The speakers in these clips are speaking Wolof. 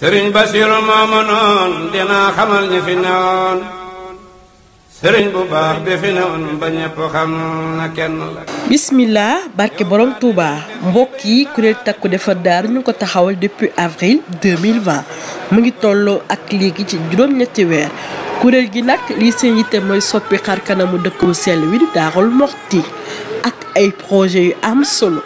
sëriñ bu baax bi fi newoon ba ñëpp xam na kenn la. bismillah barke borom Touba mbokk yi kuréel takku defar daaru ñu ko taxawal depuis avril 2020 mu ngi tolloo ak léegi ci juróom-ñetti weer kuréel gi nag lii seen yitte mooy soppi xar kanamu dëkk bu sell wi di Daarul Moxti ak ay projet yu am solo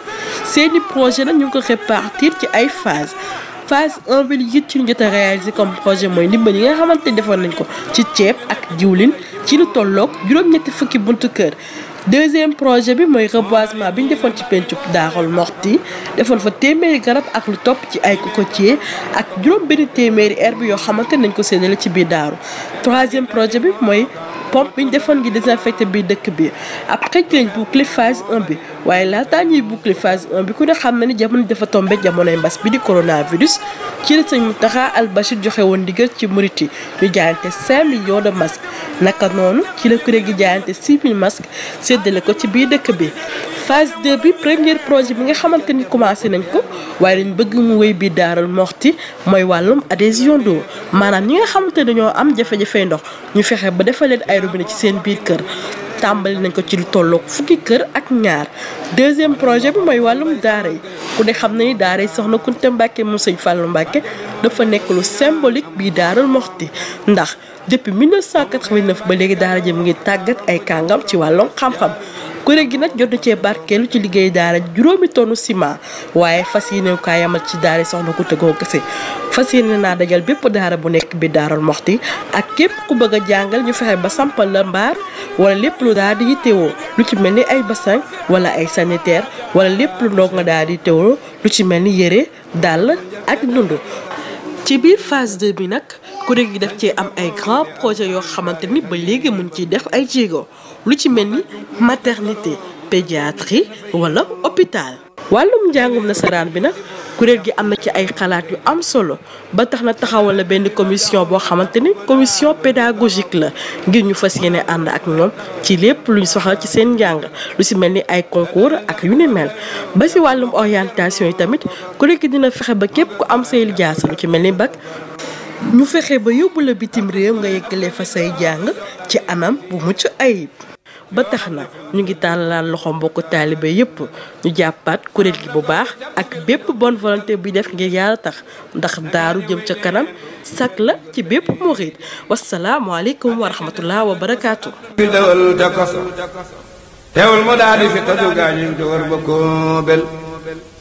seeni projet nag ñu ngi ko répartir ci ay phase phase 1 bi li ci ñu jot a réalisé comme projet mooy ndimbal yi nga xamante ne defoon nañ ko ci ceeb ak diwlin ci lu tolloog juróom-ñetti fukki buntu kër deuxième projet bi mooy reboisement bi ñu defoon ci pencub Daarul Moxti defoon fa téeméeri garab ak lu topp ci ay cocotier ak juróom benn téeméeri herbe yoo xamante nañ ko séddale ci biir daaru troisième projet bi mooy pompe bi ñu defoon ngi désinfecté bi dëkk bi après ci lañ boucler phase 1 bi waaye laataa ñuy boucler phase 1 bi ku ne xam na ni jamono dafa tombé jamonoy mbas bi di coronavirus ci la sëñ Mountakha Al Bachir joxe woon ndigal ci murit yi ñu jaayante 5 millions de masques naka noonu ci la kuréel gi jaayante 6 000 masques séddale ko ci biir dëkk bi. phase de bi premier projet bi nga xamante ni commencé nañ ko waaye dañ bëgg mu wéy bii daaral moxti mooy wàllum adhésion d'eau maanaam ñi nga xamante dañoo am jafe-jafe ndox robinet ci seen biir kër tàmbali nañ ko ci lu tolloog fukki kër ak ñaar deuxième projet bi mooy wàllum daara yi ku dee xam na ni daara yi soxna Kunte Mbàkke mu sëñ Fàllu Mbàkke dafa nekk lu symbolique bii Daaru Muxti ndax depuis 1989 ba léegi daara ji mu ngi tàggat ay kàngam ci wàllum xam-xam kuréel gi nag jot na cee barkeelu ci liggéey daara juróomi tonnu ciment waaye fas yéene kaa yamal ci daara soxna ko tëggoo kese fas yéene naa dajal bépp daara bu nekk bi daaral moxti ak képp ku bëgg a jàngal ñu fexe ba sampal la mbaar wala lépp lu daal di teewoo lu ci mel ni ay bassin wala ay sanitaire wala lépp lu ndoog nga daal di tewoo lu ci mel ni yére dàll ak ndund ci biir phase 2 bi nag kuréel gi def cee am ay grands projet yoo xamante ni ba léegi mun ciy def ay jéego lu ci mel ni maternité pédiatrie wala hôpital. wàllum njàngum nasaraan bi nag kuréel gi am na ci ay xalaat yu am solo ba tax na taxawal na benn commission boo xamante ni commission pédagogique la ngir ñu fas yéene ànd ak ñoom ci lépp luñ soxla ci seen njàng lu si mel ni ay concours ak yu ni mel ba si wàllum orientation yi tamit kuréel gi dina fexe ba képp ku am say lijaasa lu ci mel ni bag ñu fexe ba yóbbu la bitim réew nga yeggalee fa say jàng ci anam bu mucc ayib. ba tax na ñu ngi tàllal loxo mbokku taalibe yépp ñu jàppaat kuréel gi bu baax ak bépp bon volonté bi def ngir yàlla tax ndax daaru jëm ca kanam sak la ci bépp murit wasalaamualeykum wa rahmatullah wa barakaatu fi dawal da